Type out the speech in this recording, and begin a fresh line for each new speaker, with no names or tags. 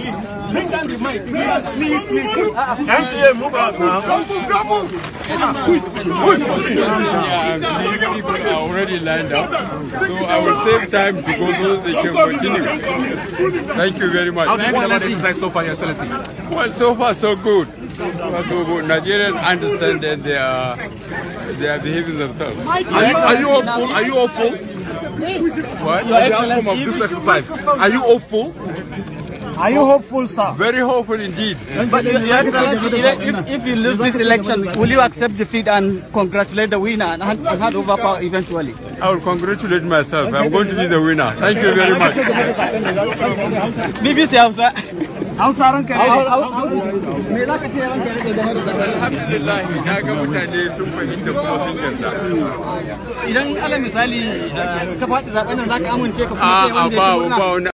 please. Bring down the mic. Please, please. please. move out now. Don't move.
Push,
people are already lined up. So I will save time because all the can continue. Thank you very much. How do you exercise so far, Your Excellency? Well, so far, so good. So good. Nigerians understand that they are, they are behaving themselves. Are you, are you hopeful? Are you all full? What? Your Excellency, this exercise. Are you all full? Are you hopeful, sir? Very hopeful indeed. But if, you lose this election, will you accept defeat and congratulate the winner and hand over power eventually? I will congratulate myself. I'm going to be the winner. Thank you very much. BBC Hausa. "Sir, ran kare. Me za ka ce ran kare da game da Alhamdulillah misali uh, ka faɗi zaɓen nan za ka amince ka kuma ah, ce